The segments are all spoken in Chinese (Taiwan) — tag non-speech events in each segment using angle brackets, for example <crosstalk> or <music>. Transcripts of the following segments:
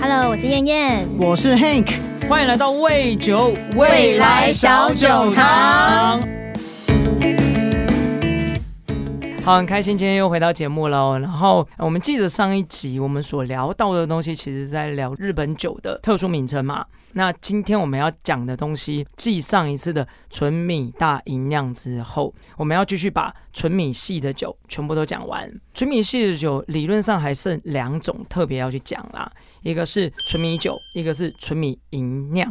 哈嘍，我是燕燕，我是 Hank，歡迎來到味酒未來小酒堂。好，很開心今天又回到節目了喔。然後我們記得上一集我們所聊到的東西，其實在聊日本酒的特殊名稱嘛。那今天我們要講的東西，繼上一次的純米大吟釀之後，我們要繼續把純米系的酒全部都講完。純米系的酒理論上還剩兩種特別要去講啦，一個是純米酒，一個是純米吟釀。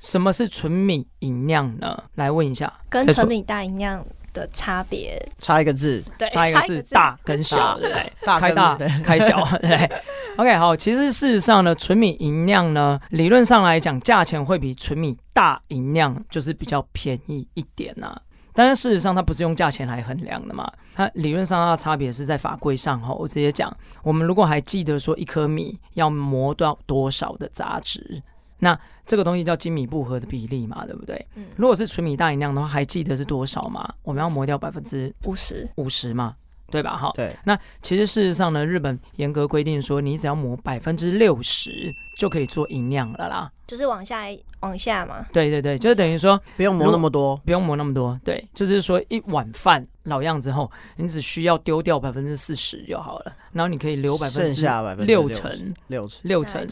什麼是純米吟釀呢？來問一下。跟純米大吟釀。的差別，差一個字，差一個字，個大跟小，對，大跟開大，開小，對 <laughs> ，OK，好，其實事實上呢，純米吟釀呢，理論上來講，價錢會比純米大吟釀，就是比較便宜一點呐、啊。但是事實上，它不是用價錢來衡量的嘛，它理論上它的差別是在法規上哈。我直接講，我們如果還記得說，一顆米要磨掉多少的雜質。那這個東西叫精米步合的比例嘛，對不對、嗯？如果是純米大吟釀的話，還記得是多少嗎？我們要磨掉百分之五十，五十嘛。對吧？哈，對。那其實事實上呢，日本嚴格規定說，你只要磨百分之六十就可以做吟釀了啦。就是往下，往下嘛。對對對，就是等於說不用磨那麼多，不用磨那麼多。對，就是說一碗飯老樣之後，你只需要丟掉百分之四十就好了，然後你可以留百分之六成六成六成，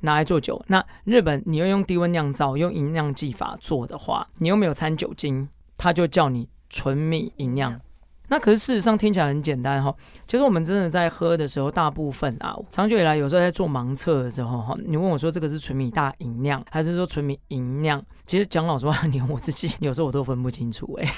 拿來做酒。那日本你要用低溫釀造、用吟釀技法做的話，你又沒有摻酒精，他就叫你純米吟釀。嗯那可是事實上聽起來很簡單哈，其實我們真的在喝的時候，大部分啊，長久以來有時候在做盲測的時候哈，你問我說這個是純米大吟釀還是說純米吟釀，其實講老實話，連我自己有時候我都分不清楚哎、欸，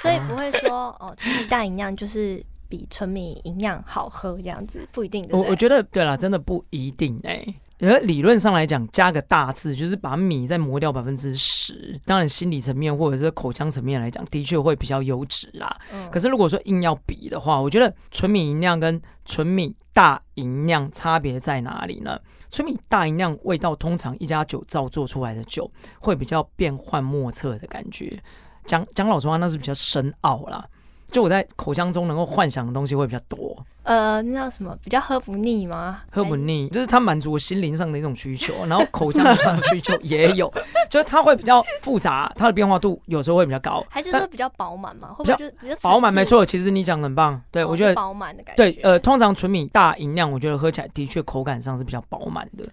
所以不會說哦，純米大吟釀就是比純米吟釀好喝這樣子，不一定。對不對？我我覺得對啦，真的不一定哎、欸。呃，理論上來講，加個大字就是把米再磨掉百分之十。當然，心理層面或者是口腔層面來講，的確會比較優質啦。可是如果說硬要比的話，我覺得純米吟釀跟純米大吟釀差別在哪裡呢？純米大吟釀味道通常一家酒造做出來的酒會比較變幻莫測的感覺。講講老實話，那是比較深奧啦。就我在口腔中能夠幻想的東西會比較多，呃，那叫什麼？比較喝不膩嗎？喝不膩，就是它滿足我心靈上的一種需求， <laughs> 然後口腔上的需求也有， <laughs> 就是它會比較複雜，它的變化度有時候會比較高，還是說比較飽滿嘛？會比較比較飽滿？沒錯，其實你講的很棒，哦、對，我覺得飽滿的感覺，對，呃，通常純米大吟釀，我覺得喝起來的確口感上是比較飽滿的。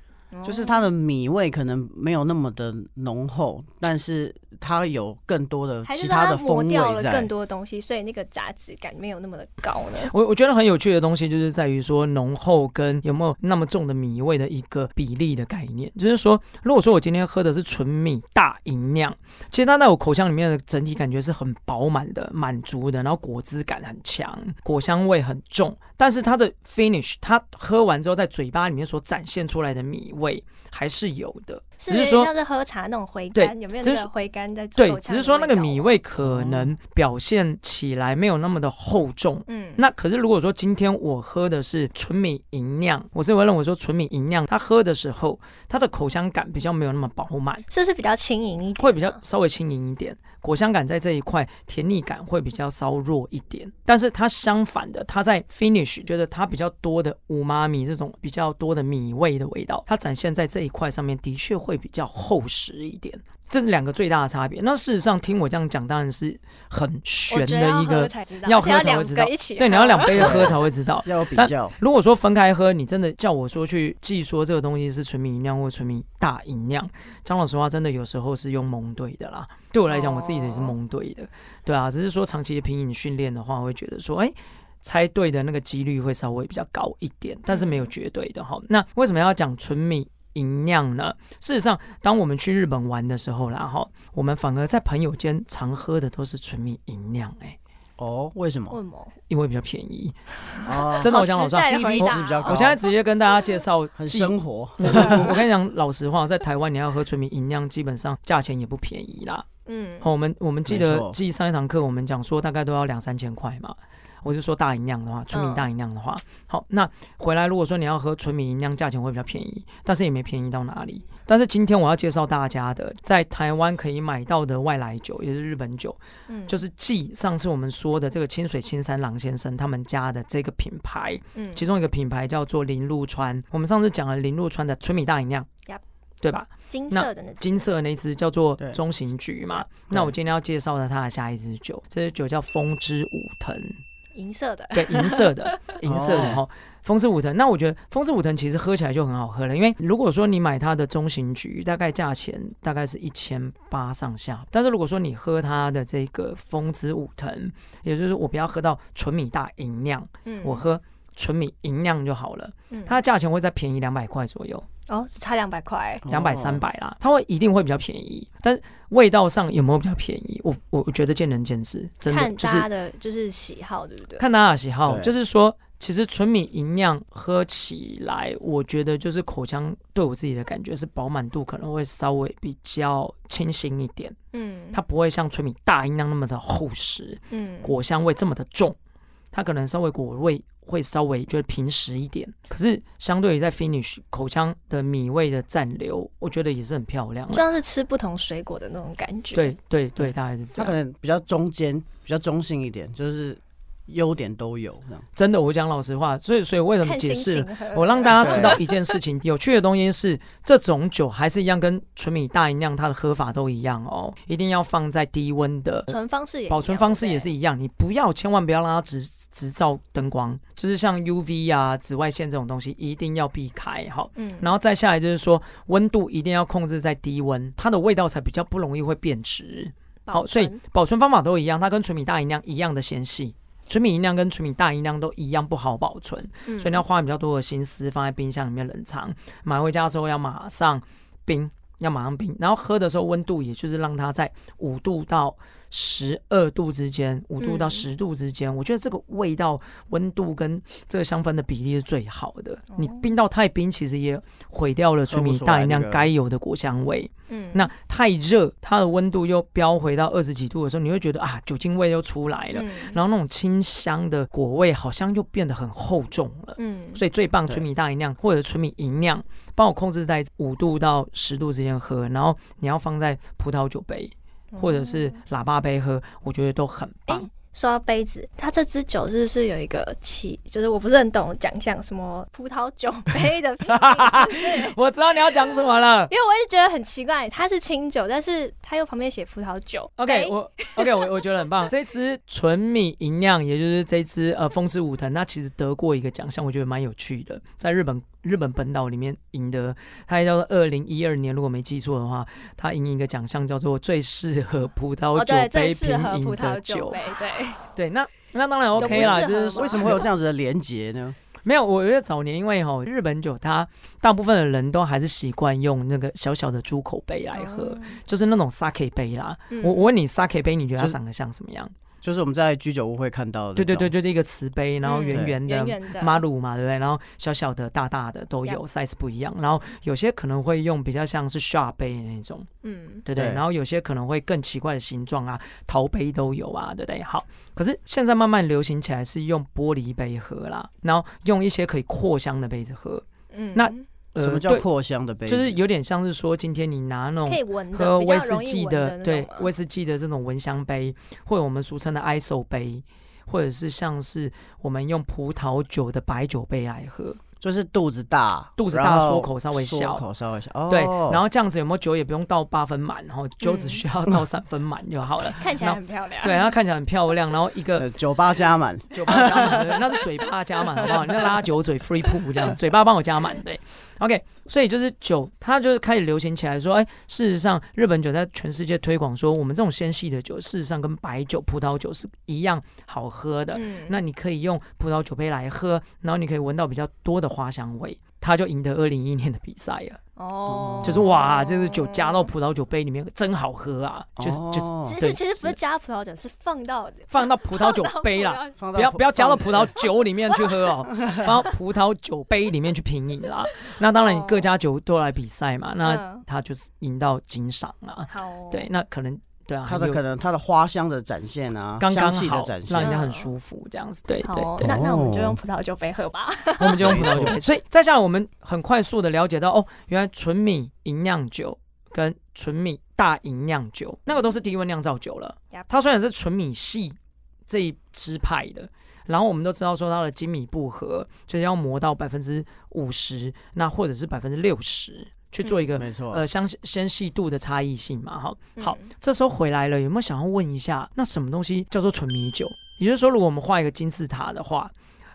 就是它的米味可能沒有那麼的濃厚，但是它有更多的其他的風味在，磨掉了更多的東西，所以那個雜質感沒有那麼的高呢。我我覺得很有趣的東西就是在於說濃厚跟有沒有那麼重的米味的一個比例的概念。就是說，如果說我今天喝的是純米大吟釀，其實它在我口腔裡面的整體感覺是很飽滿的、滿足的，然後果汁感很強，果香味很重，但是它的 finish，它喝完之後在嘴巴裡面所展現出來的米。味還是有的。是欸、只是說像是喝茶那種回甘，有沒有這種回甘在？對，只是說那個米味可能表現起來沒有那麼的厚重。嗯，那可是如果說今天我喝的是純米吟釀，我是為認為我說純米吟釀它喝的時候，它的口腔感比較沒有那麼飽滿，就是，是比較輕盈一點啊，會比較稍微輕盈一點，果香感在這一塊，甜膩感會比較稍弱一點。但是它相反的，它在 finish 覺得它比較多的五媽米這種比較多的米味的味道，它展現在這一塊上面的確。會比較厚實一點，這是兩個最大的差別。那事實上聽我這樣講，當然是很玄的一個要，要喝才會知道，對，你要兩杯的喝才會知道。要有比較，如果說分開喝，你真的叫我說去記說這個東西是純米吟釀或純米大吟釀，講老實話，真的有時候是用蒙對的啦。對我來講、哦，我自己也是蒙對的，對啊，只是說長期的品飲訓練的話，我會覺得說，哎、欸，猜對的那個幾率會稍微比較高一點，但是沒有絕對的哈、嗯。那為什麼要講純米銀釀呢？事實上，當我們去日本玩的時候，啦，後我們反而在朋友間常喝的都是純米銀釀。哎，哦，為什麼？為什麼？因為比較便宜哦、啊，真的，我講好實，實話 c 比較高。我現在直接跟大家介紹 <laughs> 生活。嗯、我跟你講，老實話，在台灣你要喝純米銀釀，基本上價錢也不便宜啦。嗯，我們我們記得，記上一堂課，我們講說大概都要兩三千塊嘛。我就說大吟釀的話，純米大吟釀的話、嗯，好，那回來如果說你要喝純米大吟釀，價錢會比較便宜，但是也沒便宜到哪裡。但是今天我要介紹大家的，在台灣可以買到的外來酒，也是日本酒，嗯，就是繼上次我們說的這個清水清三郎先生他們家的這個品牌，嗯，其中一個品牌叫做鈴鹿川。我們上次講了鈴鹿川的純米大吟釀、嗯，對吧？金色的那,那金色的那支叫做中型菊嘛。那我今天要介紹的它的下一支酒，這支酒叫風之舞藤。銀色的，對，銀色的， <laughs> 銀色的齁，風之舞藤。那我覺得風之舞藤其實喝起來就很好喝了，因為如果說你買它的中型菊，大概價錢大概是一千八上下。但是如果說你喝它的這個風之舞藤，也就是我不要喝到純米大吟釀，我喝，嗯。純米吟釀就好了，嗯、它的價錢會再便宜兩百塊左右哦，差兩百塊，兩百三百啦、哦，它會一定會比較便宜，但味道上有沒有比較便宜，我我覺得見仁見智，真的，看的就的、就是，就是喜好對不對？看它的喜好，就是說，其實純米吟釀喝起來，我覺得就是口腔對我自己的感覺是飽滿度可能會稍微比較清新一點，嗯，它不會像純米大吟釀那麼的厚實，嗯，果香味這麼的重。它可能稍微果味會稍微覺得平實一點，可是相對於在 finish 口腔的米味的暫留，我覺得也是很漂亮，就像是吃不同水果的那種感覺。對對對，大概是這樣。它、嗯、可能比較中間，比較中性一點，就是。優點都有，真的，我講老實話，所以所以我為什麼解釋？我讓大家知道一件事情， <laughs> 有趣的東西是這種酒還是一樣，跟純米大吟釀，它的喝法都一樣哦，一定要放在低溫的，保存方式也保存方式也是一樣，你不要千萬不要讓它直直照燈光，就是像 UV 啊紫外線這種東西一定要避開好嗯，然後再下來就是說溫度一定要控制在低溫，它的味道才比較不容易會變質。好，所以保存方法都一樣，它跟純米大吟釀一樣的纖細。純米吟釀跟純米大吟釀都一樣不好保存，嗯。所以你要花比較多的心思放在冰箱裡面冷藏。買回家的時候要馬上冰。要馬上冰，然後喝的時候溫度也就是讓它在五度到十二度之間，五度到十度之間、嗯。我覺得這個味道、溫度跟這個香氛的比例是最好的。哦、你冰到太冰，其實也毀掉了純米大吟釀該有的果香味。嗯，那太熱，它的溫度又飆回到二十幾度的時候，你會覺得啊，酒精味又出來了、嗯，然後那種清香的果味好像又變得很厚重了。嗯，所以最棒純米大吟釀或者純米吟釀。幫我控制在五度到十度之間喝，然後你要放在葡萄酒杯或者是喇叭杯喝，我覺得都很棒。欸、說到杯子，它這支酒就是，是有一個氣，就是我不是很懂獎項，什麼葡萄酒杯的？ <laughs> 就是、 <laughs> 我知道你要講什麼了，因為我是覺得很奇怪，它是清酒，但是它又旁邊寫葡萄酒。OK，、欸、我 OK，我我覺得很棒。 <laughs> 這支純米吟釀，也就是這支呃風之舞藤，那其實得過一個獎項，我覺得蠻有趣的，在日本。日本本島裡面贏得，他叫做二零一二年，如果沒記錯的話，他贏一個獎項叫做最適合葡萄酒杯品飲的酒杯,、哦、葡萄酒杯。對對，那那當然 OK 啦。就是為什麼會有這樣子的連結呢？ <laughs> 沒有，我覺得早年因為吼、喔、日本酒，它大部分的人都還是習慣用那個小小的豬口杯來喝，嗯、就是那種 sake 杯啦。嗯、我我問你 sake 杯，你覺得它長得像什麼樣？就是我們在居酒屋會看到的，對對對，就是一個瓷杯，然後圓圓的馬魯嘛，對不對？然後小小的、大大的都有，size 不一樣。然後有些可能會用比較像是茶杯那種，嗯，對對。然後有些可能會更奇怪的形狀啊，陶杯都有啊，對不對？好，可是現在慢慢流行起來是用玻璃杯喝啦，然後用一些可以擴香的杯子喝，嗯，那。呃、什麼叫破香的杯？就是有點像是說，今天你拿那種喝威士忌的，的的對，威士忌的這種聞香杯，或者我們俗稱的 ISO 杯，或者是像是我們用葡萄酒的白酒杯來喝，就是肚子大，肚子大，出口稍微小，口稍微小、哦，對，然後這樣子有沒有酒也不用倒八分滿，然、喔、後酒只需要倒三分滿就好了，看起來很漂亮，對，然後看起來很漂亮，然後一個酒吧加滿，酒吧加滿，那是嘴巴加滿好不好？ <laughs> 那拉酒嘴 free pool 這樣，嘴巴幫我加滿，對。OK，所以就是酒，它就是開始流行起來說，哎、欸，事實上，日本酒在全世界推廣，說我們這種纖細的酒，事實上跟白酒、葡萄酒是一樣好喝的。嗯。那你可以用葡萄酒杯來喝，然後你可以聞到比較多的花香味。他就贏得二零一一年的比賽了、oh，哦，就是哇，這個酒加到葡萄酒杯裡面真好喝啊，就、oh、是就是，其實其實不是加葡萄酒，是放到放到葡萄酒杯啦， <laughs> 不要不要加到葡萄酒裡面去喝哦、喔， <laughs> 放到葡萄酒杯裡面去品飲啦。 <laughs> 那當然，各家酒都來比賽嘛、oh，那他就是贏到金賞了，對，那可能。對啊，它的可能它的花香的展現啊，剛剛香氣的展現，讓人家很舒服這樣子。對對對，那那我們就用葡萄酒杯喝吧。 <laughs> 我們就用葡萄酒杯。所以再下來，我們很快速的了解到，哦，原來純米吟釀酒跟純米大吟釀酒，那個都是低溫釀造酒了。它雖然是純米系這一支派的，然後我們都知道說它的精米步合就是要磨到百分之五十，那或者是百分之六十。去做一個，沒錯，呃，相纖細度的差異性嘛，哈、嗯，好，這時候回來了，有沒有想要問一下，那什麼東西叫做純米酒？也就是說，如果我們畫一個金字塔的話，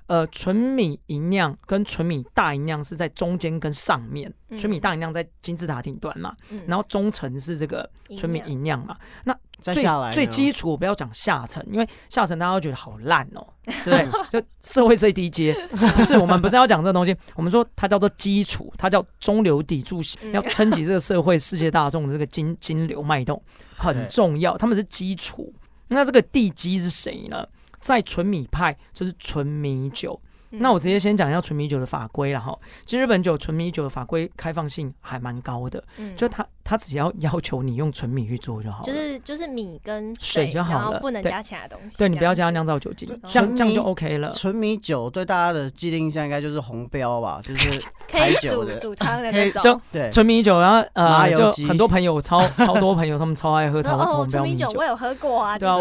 呃，純米吟釀跟純米大吟釀是在中間跟上面，純、嗯、米大吟釀在金字塔頂端嘛、嗯，然後中層是這個純米吟釀嘛，那。最最基礎，我不要講下層，因為下層大家都覺得好爛哦、喔。對，就社會最低階，不是我們不是要講這個東西。 <laughs> 我們說它叫做基礎，它叫中流砥柱，要撐起這個社會、世界大眾的這個金金流脈動，很重要。他們是基礎。那這個地基是誰呢？在純米派就是純米酒。嗯、那我直接先講一下純米酒的法規了哈。其實日本酒純米酒的法規開放性還蠻高的，嗯、就它它只要要求你用純米去做就好了，就是就是米跟水，水就好了，不能加其他東西。對，對你不要加釀造酒精，嗯、這樣這樣就 OK 了。純米酒對大家的既定印象應該就是紅標吧，就是開酒的 <laughs> 可以煮的煮湯的那種。就對純米酒、啊，然後呃就很多朋友超超多朋友 <laughs> 他們超愛喝超紅標米酒，我有喝過啊，對是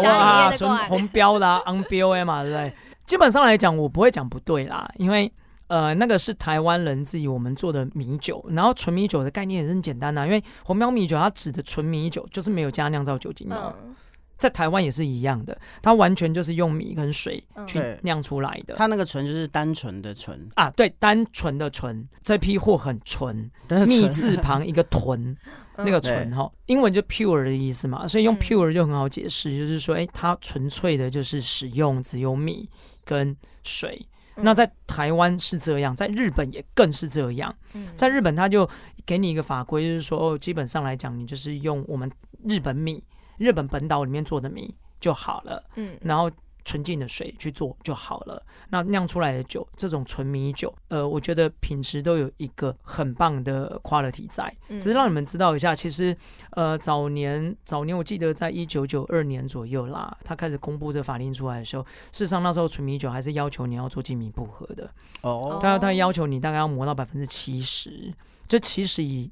家裡面的過啊，純紅標啦昂標嘛對？基本上來講，我不會講不對啦，因為呃，那個是台灣人自己我們做的米酒，然後純米酒的概念也是很簡單吶、啊，因為紅標米酒它指的純米酒就是沒有加釀造酒精的，嗯、在台灣也是一樣的，它完全就是用米跟水去釀出來的。它那個“純”就是單純的“純”啊，對，單純的“純”，這批貨很純，“米”蜜字旁一個屯“屯、嗯”，那個“純”哈、哦，英文就 “pure” 的意思嘛，所以用 “pure” 就很好解釋，嗯、就是說，哎、欸，它純粹的就是使用只有米。跟水，那在台灣是這樣、嗯，在日本也更是這樣。在日本，他就給你一個法規，就是說、哦，基本上來講，你就是用我們日本米、日本本島裡面做的米就好了。嗯，然後。純淨的水去做就好了。那釀出來的酒，這種純米酒，呃，我覺得品質都有一個很棒的 quality 在。只是讓你們知道一下，其實，呃，早年早年我記得在一九九二年左右啦，他開始公布的法令出來的時候，事實上那時候純米酒還是要求你要做精米步合的。哦，他他要求你大概要磨到百分之七十，這七十以。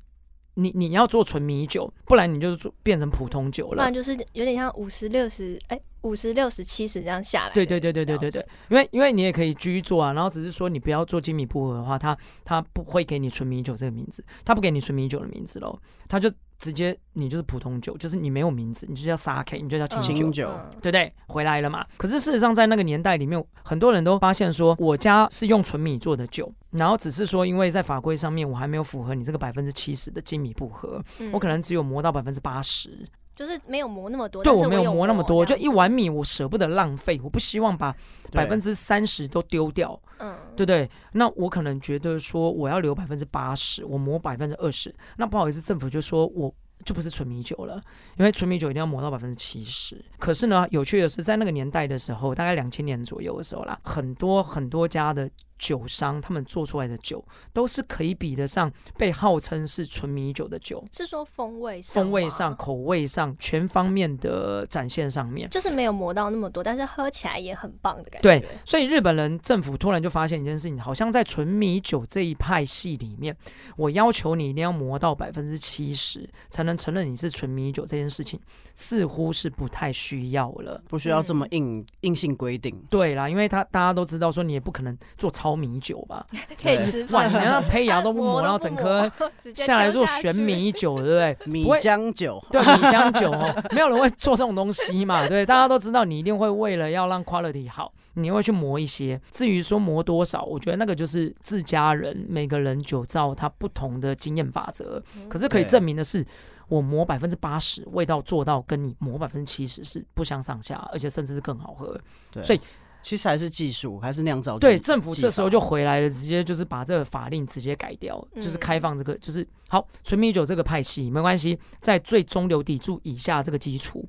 你你要做純米酒，不然你就是做變成普通酒了。不然就是有點像五十六十。哎，五十六十七十這樣下來。對對對對對對對，因為因為你也可以居住啊，然後只是說你不要做精米部分的話，他他不會給你純米酒這個名字，他不給你純米酒的名字嘍，他就。直接你就是普通酒，就是你沒有名字，你就叫 Sake，你就叫清酒，清酒，對不對？回來了嘛。可是事實上，在那個年代裡面，很多人都發現說，我家是用純米做的酒，然後只是說，因為在法規上面我還沒有符合你這個百分之七十的精米步合，我可能只有磨到百分之八十。就是沒有磨那麼多，對，我我沒有磨那麼多，就一碗米我捨不得浪費，我不希望把百分之三十都丟掉，嗯，對不對，對？那我可能覺得說我要留百分之八十，我磨百分之二十，那不好意思，政府就說我就不是純米酒了，因為純米酒一定要磨到百分之七十。可是呢，有趣的是在那個年代的時候，大概兩千年左右的時候啦，很多很多家的。酒商，他們做出來的酒，都是可以比得上被號稱是純米酒的酒。是說風味上、啊、風味上、口味上全方面的展現上面，就是沒有磨到那麼多，但是喝起來也很棒的感覺。對，所以日本人政府突然就發現一件事情，好像在純米酒這一派系裡面，我要求你一定要磨到百分之七十，才能承認你是純米酒這件事情，似乎是不太需要了，不需要這麼硬、嗯、硬性規定。對啦，因為他大家都知道，說你也不可能做超。米酒吧，可以吃飯。 <laughs> 你連那胚芽都不磨、啊，然後整顆下來做玄米酒，對不對？米漿酒，對米漿酒，哦， <laughs> 沒有人會做這種東西嘛。對，大家都知道，你一定會為了要讓 quality 好，你會去磨一些。至於說磨多少，我覺得那個就是自家人每個人酒造它，不同的經驗法則。可是可以證明的是，我磨百分之八十，味道做到跟你磨百分之七十是不相上下，而且甚至是更好喝。對，所以。其實還是技術，還是釀造技。對，政府這時候就回來了，直接就是把這個法令直接改掉，嗯、就是開放這個，就是好純米酒這個派系沒關係，在最中流砥柱以下這個基礎，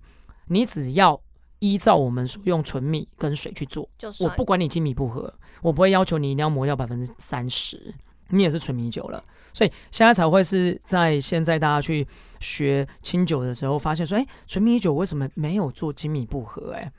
你只要依照我們說用純米跟水去做，就我不管你精米步合，我不會要求你一定要磨掉百分之三十，你也是純米酒了。所以現在才會是在現在大家去學清酒的時候，發現說，哎、欸，純米酒為什麼沒有做精米步合？欸？哎。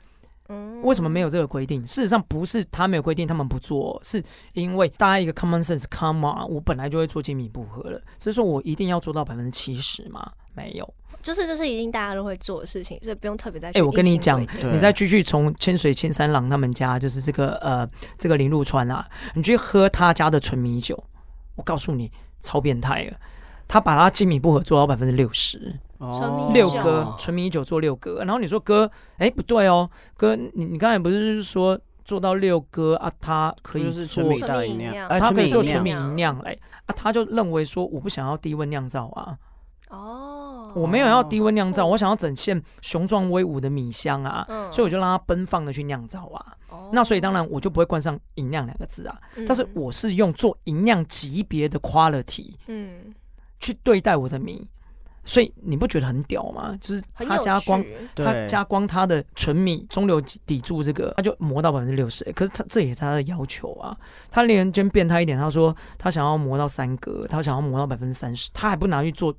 為什麼沒有這個規定？事實上，不是他沒有規定，他們不做、哦，是因為大家一個 common sense，come on，我本來就會做精米步合了，所、就、以、是、說我一定要做到百分之七十嗎？沒有，就是這是一定大家都會做的事情，所以不用特別在。哎、欸，我跟你講，你再繼續從千水千山郎他們家，就是這個呃這個林路川啊，你去喝他家的純米酒，我告訴你，超變態的。他把它精米不合做到百分之六十，哦，六哥純米一九做六哥，然後你說哥，哎、欸，不對哦、喔，哥，你你剛才不是，就是說做到六哥啊，啊？他可以做純米大吟釀，他可以做純米吟釀來啊？他就認為說我不想要低溫釀造啊，哦，我沒有要低溫釀造、哦，我想要展現雄壯威武的米香啊，嗯、所以我就讓它奔放的去釀造啊、哦。那所以當然我就不會冠上“吟釀”兩個字啊、嗯，但是我是用做吟釀級別的 quality，嗯。去對待我的米，所以你不覺得很屌嗎？就是他加光，他加光他的純米中流砥柱這個，他就磨到百分之六十。可是他這也是他的要求啊，他連間變態一點，他說他想要磨到三格，他想要磨到百分之三十，他還不拿去做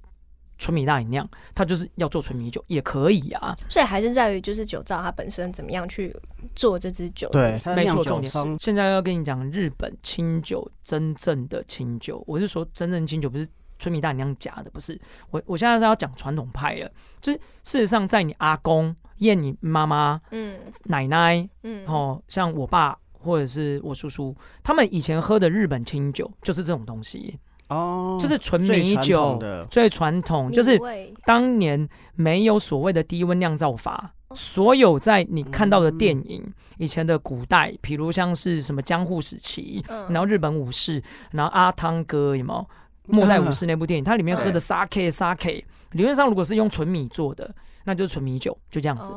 純米大吟釀，他就是要做純米酒也可以啊。所以還是在於就是酒造他本身怎麼樣去做這支酒。對，沒錯，重點是現在要跟你講日本清酒真正的清酒，我是說真正清酒不是。純米大吟釀假的不是我，我現在是要講傳統派了。就是事實上，在你阿公、燕你媽媽、嗯，奶奶，嗯，哦，像我爸或者是我叔叔，他們以前喝的日本清酒就是這種東西哦，就是純米酒最傳統，統，就是當年沒有所謂的低溫釀造法、哦，所有在你看到的電影、嗯、以前的古代，比如像是什麼江戶時期、嗯，然後日本武士，然後阿湯哥，有沒有？《末代武士》那部電影，它裡面喝的沙 K 沙 K，理論上如果是用純米做的，那就是純米酒，就這樣子。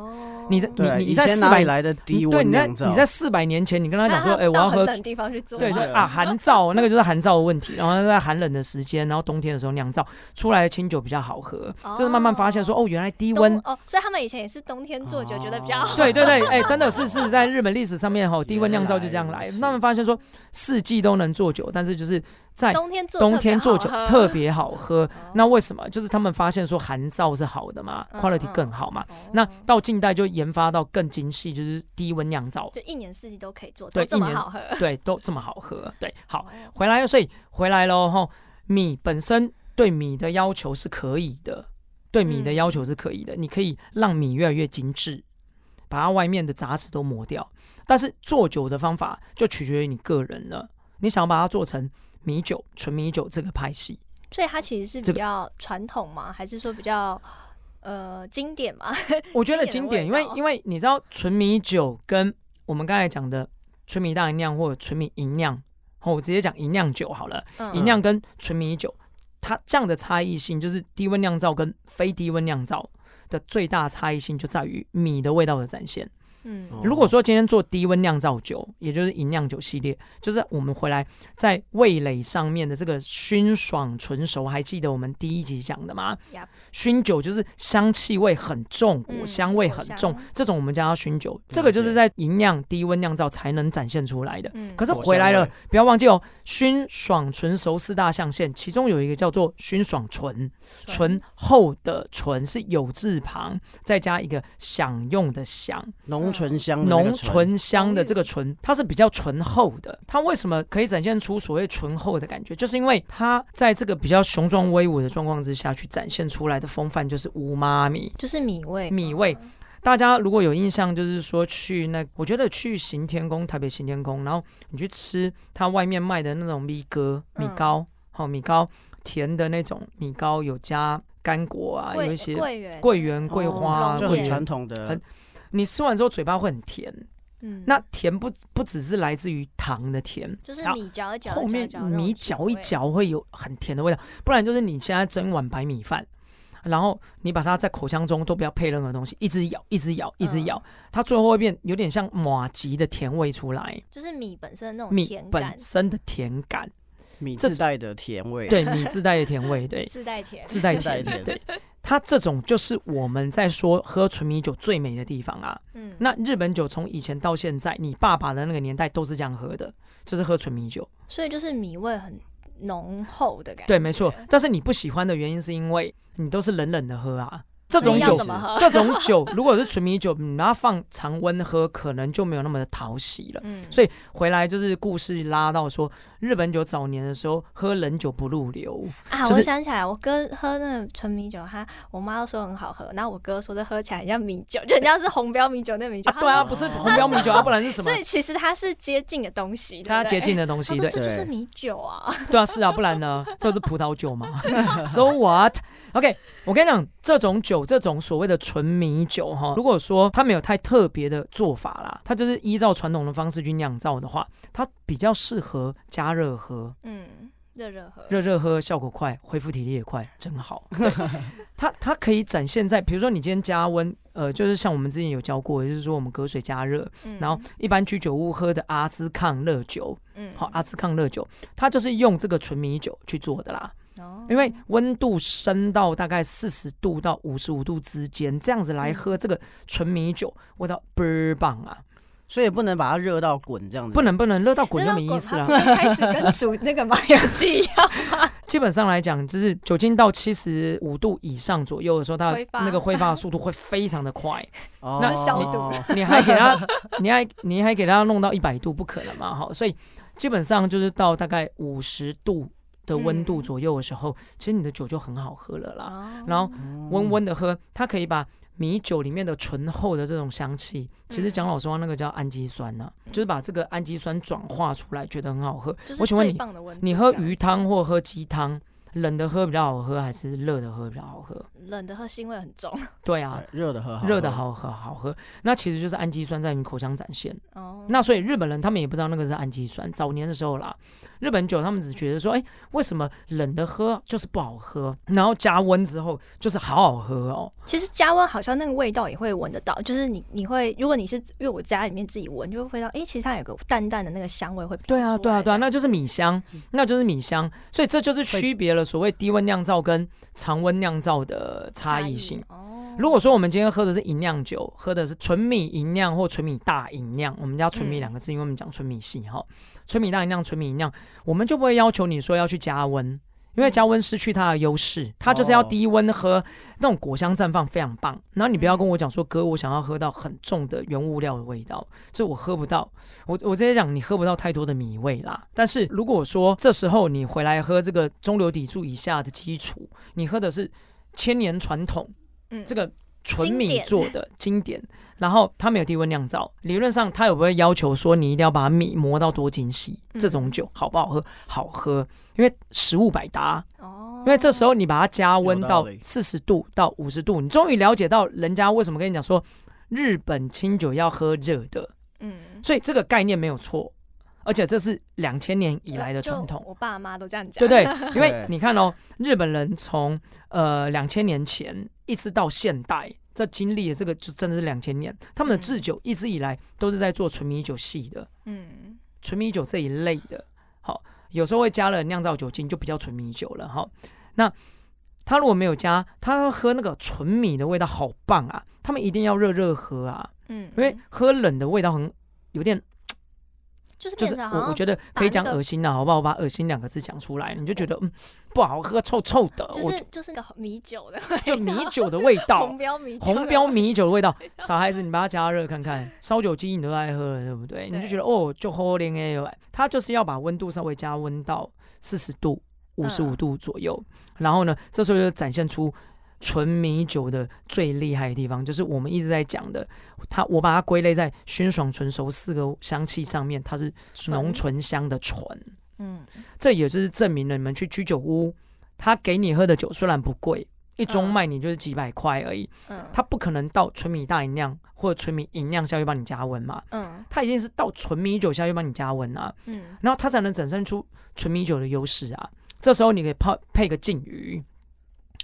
你、oh, 你你在四百、啊、來的低溫、嗯、對你在你在四百年前，你跟他講說，哎、欸，我要喝。很冷的地方去做。對，對 <laughs> 啊，寒造那個就是寒造的問題。然後在寒冷的時間，然後冬天的時候釀造出來的清酒比較好喝。這、oh, 是慢慢發現說，哦，原來低溫哦，oh, 所以他們以前也是冬天做酒，覺得比較好。Oh. 對對對，哎、欸，真的是是在日本歷史上面吼、喔，低溫釀造就這樣來。慢慢發現說，四季都能做酒，但是就是。在冬天，冬天做酒特別好喝， <laughs> 那為什麼？就是他們發現說，寒造是好的嘛 <laughs> ，quality 更好嘛，嗯嗯。那到近代就研發到更精細，就是低溫釀造，就一年四季都可以做，對都這麼好喝，對，都這麼好喝。對，好，回來嘍，所以回來嘍吼。米本身對米的要求是可以的，對米的要求是可以的，嗯、你可以讓米越來越精緻，把它外面的雜質都磨掉。但是做酒的方法就取決於你個人了，你想要把它做成。米酒，純米酒這個派系，所以它其實是比較傳統嘛、這個，還是說比較呃經典嘛？ <laughs> 我覺得經典，經典，因為因為你知道純米酒跟我們剛才講的純米大吟釀，或者純米吟釀，好、哦，我直接講吟釀酒好了，吟釀跟純米酒，它這樣的差異性就是低溫釀造跟非低溫釀造的最大的差異性就在於米的味道的展現。嗯，如果說今天做低溫釀造酒，也就是吟釀酒系列，就是我們回來在味蕾上面的這個燻爽醇熟，還記得我們第一集講的嗎？Yep. 燻酒就是香氣味很重，果香味很重，嗯、這種我們叫燻酒、嗯，這個就是在吟釀低溫釀造才能展現出來的。嗯、可是回來了，不要忘記哦，燻爽醇熟四大象限，其中有一個叫做燻爽醇，醇厚的醇是酉字旁，再加一個享用的享濃。嗯醇香濃醇，醇香的這個醇，它是比較醇厚的。它為什麼可以展現出所謂醇厚的感覺？就是因為它在這個比較雄壯威武的狀況之下去展現出來的風範，就是うまみ，就是米味米味。大家如果有印象，就是說去那個，我覺得去行天宮，台北行天宮，然後你去吃它外面賣的那種米糕米糕，好、嗯、米糕，甜的那種米糕，有加乾果啊，有一些桂圓、桂圓、哦、桂花，就很傳統的。嗯你吃完之後嘴巴會很甜，嗯，那甜不不只是來自於糖的甜，就是你嚼一嚼，後面你嚼一嚼會有很甜的味道，不然就是你現在蒸碗白米飯，嗯，然後你把它在口腔中都不要配任何東西，一直咬，一直咬，一直咬，嗯、它最後會變有點像麻糬的甜味出來，就是米本身的那種甜感，米本身的甜感，米自帶的甜味， <laughs> 對，米自帶的甜味，對，自帶甜，自帶甜，甜，對。它這種就是我們在說喝純米酒最美的地方啊。嗯，那日本酒從以前到現在，你爸爸的那個年代都是這樣喝的，就是喝純米酒，所以就是米味很濃厚的感覺。對，沒錯。但是你不喜歡的原因是因為你都是冷冷的喝啊。這種酒，怎麼喝這種酒，如果是純米酒， <laughs> 你拿放常溫喝，可能就沒有那麼的討喜了。嗯，所以回來就是故事拉到說，日本酒早年的時候喝冷酒不入流啊、就是。我想起來，我哥喝那個純米酒，他我媽都說很好喝，然後我哥說，這喝起來很像米酒，人家是紅標米酒，那米酒、 <laughs> 啊。對啊，不是紅標米酒、啊，不然是什麼是？所以其實它是接近的東西，它、欸、接近的東西。對、欸、這就是米酒啊，對對。對啊，是啊，不然呢？這是葡萄酒嗎 <laughs> ？So what？ <laughs> OK，我跟你講，這種酒，這種所謂的純米酒哈、哦，如果說它沒有太特別的做法啦，它就是依照傳統的方式去釀造的話，它比較適合加熱喝。嗯，熱熱喝，熱熱喝，效果快，恢復體力也快，真好。 <laughs> 它它可以展現在，比如說你今天加溫，呃，就是像我們之前有教過，就是說我們隔水加熱、嗯，然後一般居酒屋喝的阿茲抗熱酒，嗯，好、哦，阿茲抗熱酒，它就是用這個純米酒去做的啦。因為溫度升到大概四十度到五十五度之間，這樣子來喝這個純米酒，味道倍兒棒啊！所以不能把它熱到滾這樣子。不能不能熱到滾，就沒意思啊。開始跟煮那個麻將機一樣，基本上來講，就是酒精到七十五度以上左右的時候，它那個揮發速度會非常的快。哦。那你還給它，你還你還給它弄到一百度不可能嘛？哈，所以基本上就是到大概五十度。的溫度左右的時候、嗯，其實你的酒就很好喝了啦。哦、然後溫溫的喝，它、嗯、可以把米酒裡面的醇厚的這種香氣、嗯，其實講老實話，那個叫氨基酸呢、啊，就是把這個氨基酸轉化出來，覺得很好喝。就是、我請問你，你喝魚湯或喝雞湯？嗯冷的喝比較好喝，還是熱的喝比較好喝？冷的喝腥味很重。對啊，熱、欸、的喝熱的好喝好喝。那其實就是氨基酸在你口腔展現。哦。那所以日本人他們也不知道那個是氨基酸。早年的時候啦，日本酒他們只覺得說，哎、欸，為什麼冷的喝就是不好喝，然後加溫之後就是好好喝哦。其實加溫好像那個味道也會聞得到，就是你你會如果你是因為我家裡面自己聞，就會聞到，哎、欸，其實它有個淡淡的那個香味會。對啊對啊對啊，那就是米香、嗯，那就是米香，所以這就是區別了。所謂低溫釀造跟常溫釀造的差異性。如果說我們今天喝的是吟釀酒，喝的是純米吟釀或純米大吟釀，我們叫「純米」兩個字、嗯，因為我們講純米系哈，純米大吟釀、純米吟釀，我們就不會要求你說要去加溫。因為加溫失去它的優勢，它就是要低溫喝那種果香綻放非常棒。然後你不要跟我講說哥，我想要喝到很重的原物料的味道，這我喝不到。我我直接講，你喝不到太多的米味啦。但是如果說這時候你回來喝這個中流砥柱以下的基礎，你喝的是千年傳統，嗯，這個。純米做的經典，經典，然後它沒有低溫釀造，理論上它有不會要求說你一定要把米磨到多精細、嗯。這種酒好不好喝？好喝，因為食物百搭。哦，因為這時候你把它加溫到四十度到五十度，你終於了解到人家為什麼跟你講說日本清酒要喝熱的。嗯，所以這個概念沒有錯，而且這是兩千年以來的傳統，統。我爸媽都這樣講，對對，對，對。因為你看哦、喔，日本人從呃兩千年前。一直到現代，這經歷了這個就真的是兩千年，他們的製酒一直以來都是在做純米酒系的，嗯，純米酒這一類的，好，有時候會加了釀造酒精就不叫純米酒了哈。那他如果沒有加，他喝那個純米的味道好棒啊，他們一定要熱熱喝啊，嗯，因為喝冷的味道很有點。就是我我覺得可以講噁心了好不好？我把“噁心”兩個字講出來，你就覺得嗯不好喝，臭臭的。就是就是個米酒的，就米酒的味道，紅標米酒，紅標米酒的味道。小孩子，你把它加熱看看，燒酒雞，你都愛喝了，對不對？你就覺得哦，就好喝練練。它就是要把溫度稍微加溫到四十度、五十五度左右，然後呢，這時候就展現出。純米酒的最厲害的地方，就是我們一直在講的，它我把它歸類在薰爽、醇熟四個香氣上面，它是濃醇香的醇。嗯，這也就是證明了你們去居酒屋，他給你喝的酒雖然不貴，一盅賣你就是幾百塊而已。嗯，他、嗯、不可能倒純米大吟釀或者純米吟釀下去幫你加溫嘛。嗯，他一定是倒純米酒下去幫你加溫啊。嗯，然後他才能展現出純米酒的優勢啊。這時候你可以泡配個鯽魚。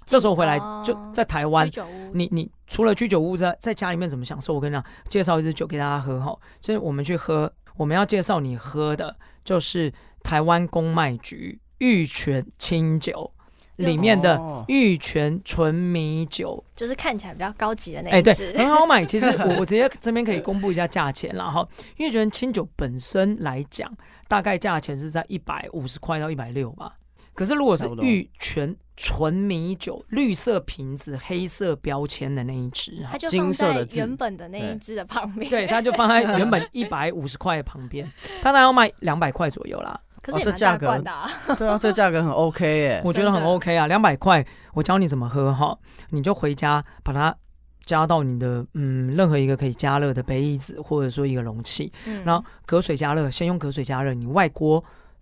這時候回來就在台灣，你你除了居酒屋之外，在在家裡面怎麼享受？我跟你講，介紹一支酒給大家喝哈。所以我們去喝，我們要介紹你喝的就是台灣公賣局玉泉清酒裡面的玉泉純米酒，哎，就是看起來比較高級的那一，哎、對對很好買，其實我我直接這邊可以公布一下價錢，然後因為玉泉清酒本身來講，大概價錢是在一百五十塊到一百六吧。可是如果是玉泉。純米酒，綠色瓶子、黑色標籤的那一隻，金色的，它就放在原本的那一隻的旁邊。對，它就放在原本一百五十塊的旁邊，它大概要賣兩百塊左右啦。可是、啊哦、這價格， <laughs> 對啊，這價格很 OK 耶，我覺得很 OK 啊，兩百塊。我教你怎麼喝哈，你就回家把它加到你的嗯，任何一個可以加熱的杯子或者說一個容器，嗯、然後隔水加熱，先用隔水加熱，你外鍋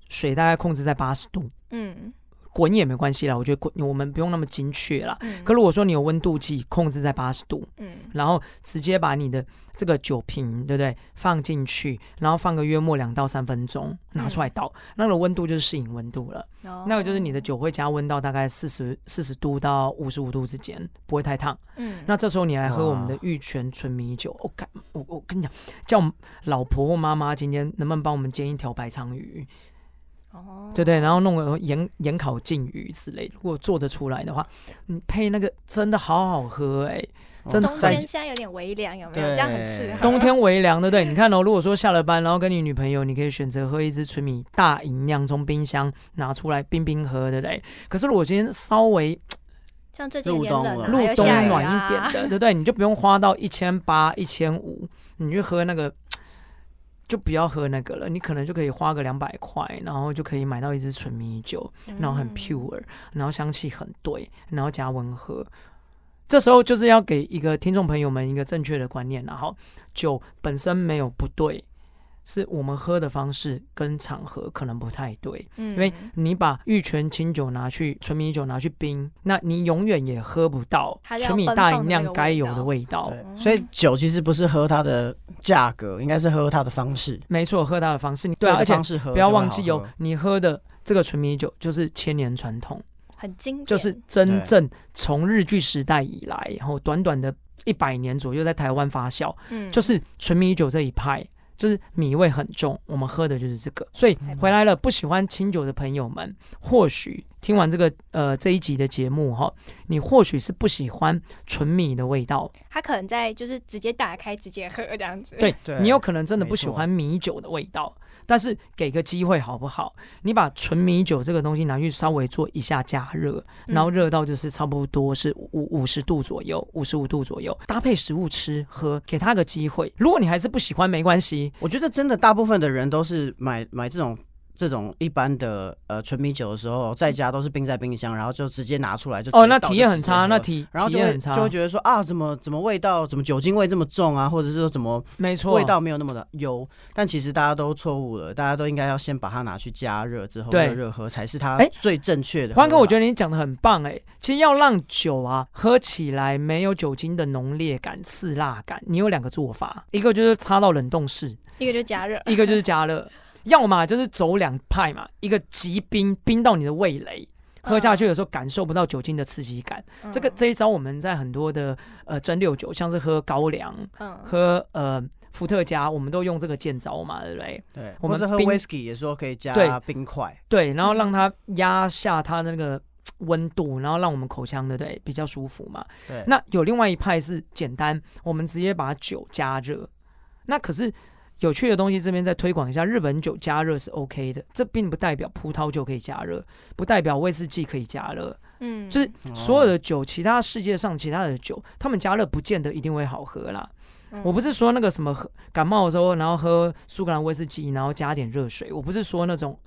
水大概控制在八十度，嗯。滾也沒關係啦，我覺得滾我們不用那麼精確啦、嗯。可如果說你有溫度計，控制在八十度，嗯，然後直接把你的這個酒瓶，對不對？放進去，然後放個約莫兩到三分鐘，拿出來倒，嗯、那個溫度就是適應溫度了、哦。那個就是你的酒會加溫到大概四十四十度到五十五度之間，不會太燙。嗯。那這時候你來喝我們的玉泉純米酒，OK？、哦、我我跟你講，叫老婆或媽媽今天能不能幫我們煎一條白鯧魚？哦，對對，然後弄個鹽鹽烤鯽魚之類的，如果做得出來的話，你配那個真的好好喝哎、欸哦。真的冬天現在有點微涼，有沒有對這樣很適合？冬天微涼，對不對？你看哦，如果說下了班，然後跟你女朋友，你可以選擇喝一支純米大飲，從冰箱拿出來冰冰喝，對不對？可是如果今天稍微像這幾年冷、啊，路冬、啊啊、暖一點的，對對？你就不用花到一千八、一千五，你就喝那個。就不要喝那個了，你可能就可以花個兩百塊，然後就可以買到一支純米酒，然後很 pure，然後香氣很對，然後加溫喝。這時候就是要給一個聽眾朋友們一個正確的觀念，然後酒本身沒有不對。是我們喝的方式跟場合可能不太對，嗯，因為你把玉泉清酒拿去，純米酒拿去冰，那你永遠也喝不到純米大吟釀該有的味道,味道對。所以酒其實不是喝它的價格，應該是喝它的方式。嗯、沒錯，喝它的方式，你對,對而且不要忘記，有你喝的這個純米酒就是千年傳統，很精，就是真正從日據時代以來，然後短短的一百年左右在台灣發酵，嗯，就是純米酒這一派。就是米味很重，我們喝的就是這個，所以回來了不喜歡清酒的朋友們，或許，聽完這個呃這一集的節目哈、喔，你或許是不喜歡純米的味道，他可能在就是直接打開直接喝這樣子。對，對你有可能真的不喜歡米酒的味道，但是給個機會好不好？你把純米酒這個東西拿去稍微做一下加熱、嗯，然後熱到就是差不多是五五十度左右，五十五度左右，搭配食物吃喝，給他個機會。如果你還是不喜歡，沒關係，我覺得真的大部分的人都是買買這種。這種一般的呃純米酒的時候，在家都是冰在冰箱，然後就直接拿出來就哦，那體驗很差，那體然後體驗很差，就會覺得說啊，怎麼怎麼味道怎麼酒精味這麼重啊，或者是說怎麼沒錯味道沒有那麼的油、啊。但其實大家都錯誤了，大家都應該要先把它拿去加熱之後熱熱喝才是它最正確的、欸。歡哥，我覺得你講的很棒，哎、欸，其實要讓酒啊喝起來沒有酒精的濃烈感、刺辣感，你有兩個做法，一個就是插到冷凍室，一個就加熱，一個就是加熱。 <laughs> 要麼就是走兩派嘛，一個極冰冰到你的味蕾，喝下去有時候感受不到酒精的刺激感。這個這一招我們在很多的呃蒸餾酒，像是喝高粱、喝呃伏特加，我們都用這個劍招嘛，對不對？對，我們喝威士忌也說可以加冰塊，對，然後讓它壓下它那個溫度，然後讓我們口腔的對對比較舒服嘛。對，那有另外一派是簡單，我們直接把酒加熱，那可是。有趣的東西這邊再推廣一下，日本酒加熱是 OK 的，這並不代表葡萄酒可以加熱，不代表威士忌可以加熱。嗯，就是所有的酒，其他世界上其他的酒，他們加熱不見得一定會好喝啦。嗯、我不是說那個什麼喝感冒的時候，然後喝蘇格蘭威士忌，然後加點熱水。我不是說那種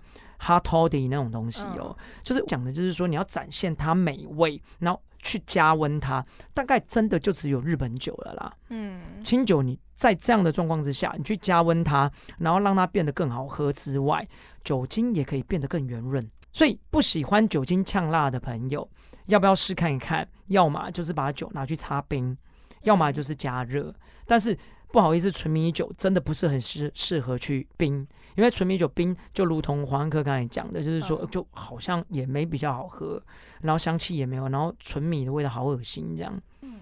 hot toddy 那種東西哦、喔嗯，就是講的就是說你要展現它美味，然後。去加溫它，大概真的就只有日本酒了啦。嗯，清酒你在這樣的狀況之下，你去加溫它，然後讓它變得更好喝之外，酒精也可以變得更圓潤。所以不喜歡酒精嗆辣的朋友，要不要試看一看？要麼就是把酒拿去擦冰，要麼就是加熱，嗯。但是。不好意思，純米酒真的不是很適適合去冰，因為純米酒冰就如同黃安客剛才講的，就是說就好像也沒比較好喝，然後香氣也沒有，然後純米的味道好惡心這樣。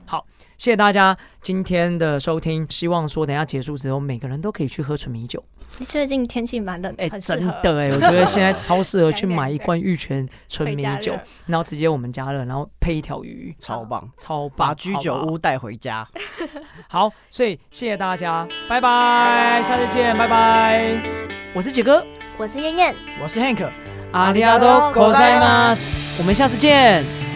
好，謝謝大家今天的收聽。希望說等下結束之後，每個人都可以去喝純米酒。最近天氣蠻冷，哎、欸，真的哎、欸，我覺得現在超適合去買一罐玉泉純米酒， <laughs> 然後直接我們加熱，然後配一條魚，超棒，啊、超棒，把居酒屋帶回家。好， <laughs> 好，所以謝謝大家，拜拜，下次見，拜拜。我是傑哥，我是燕燕，我是 Hank，阿里阿多 k o s a m a s 我們下次見。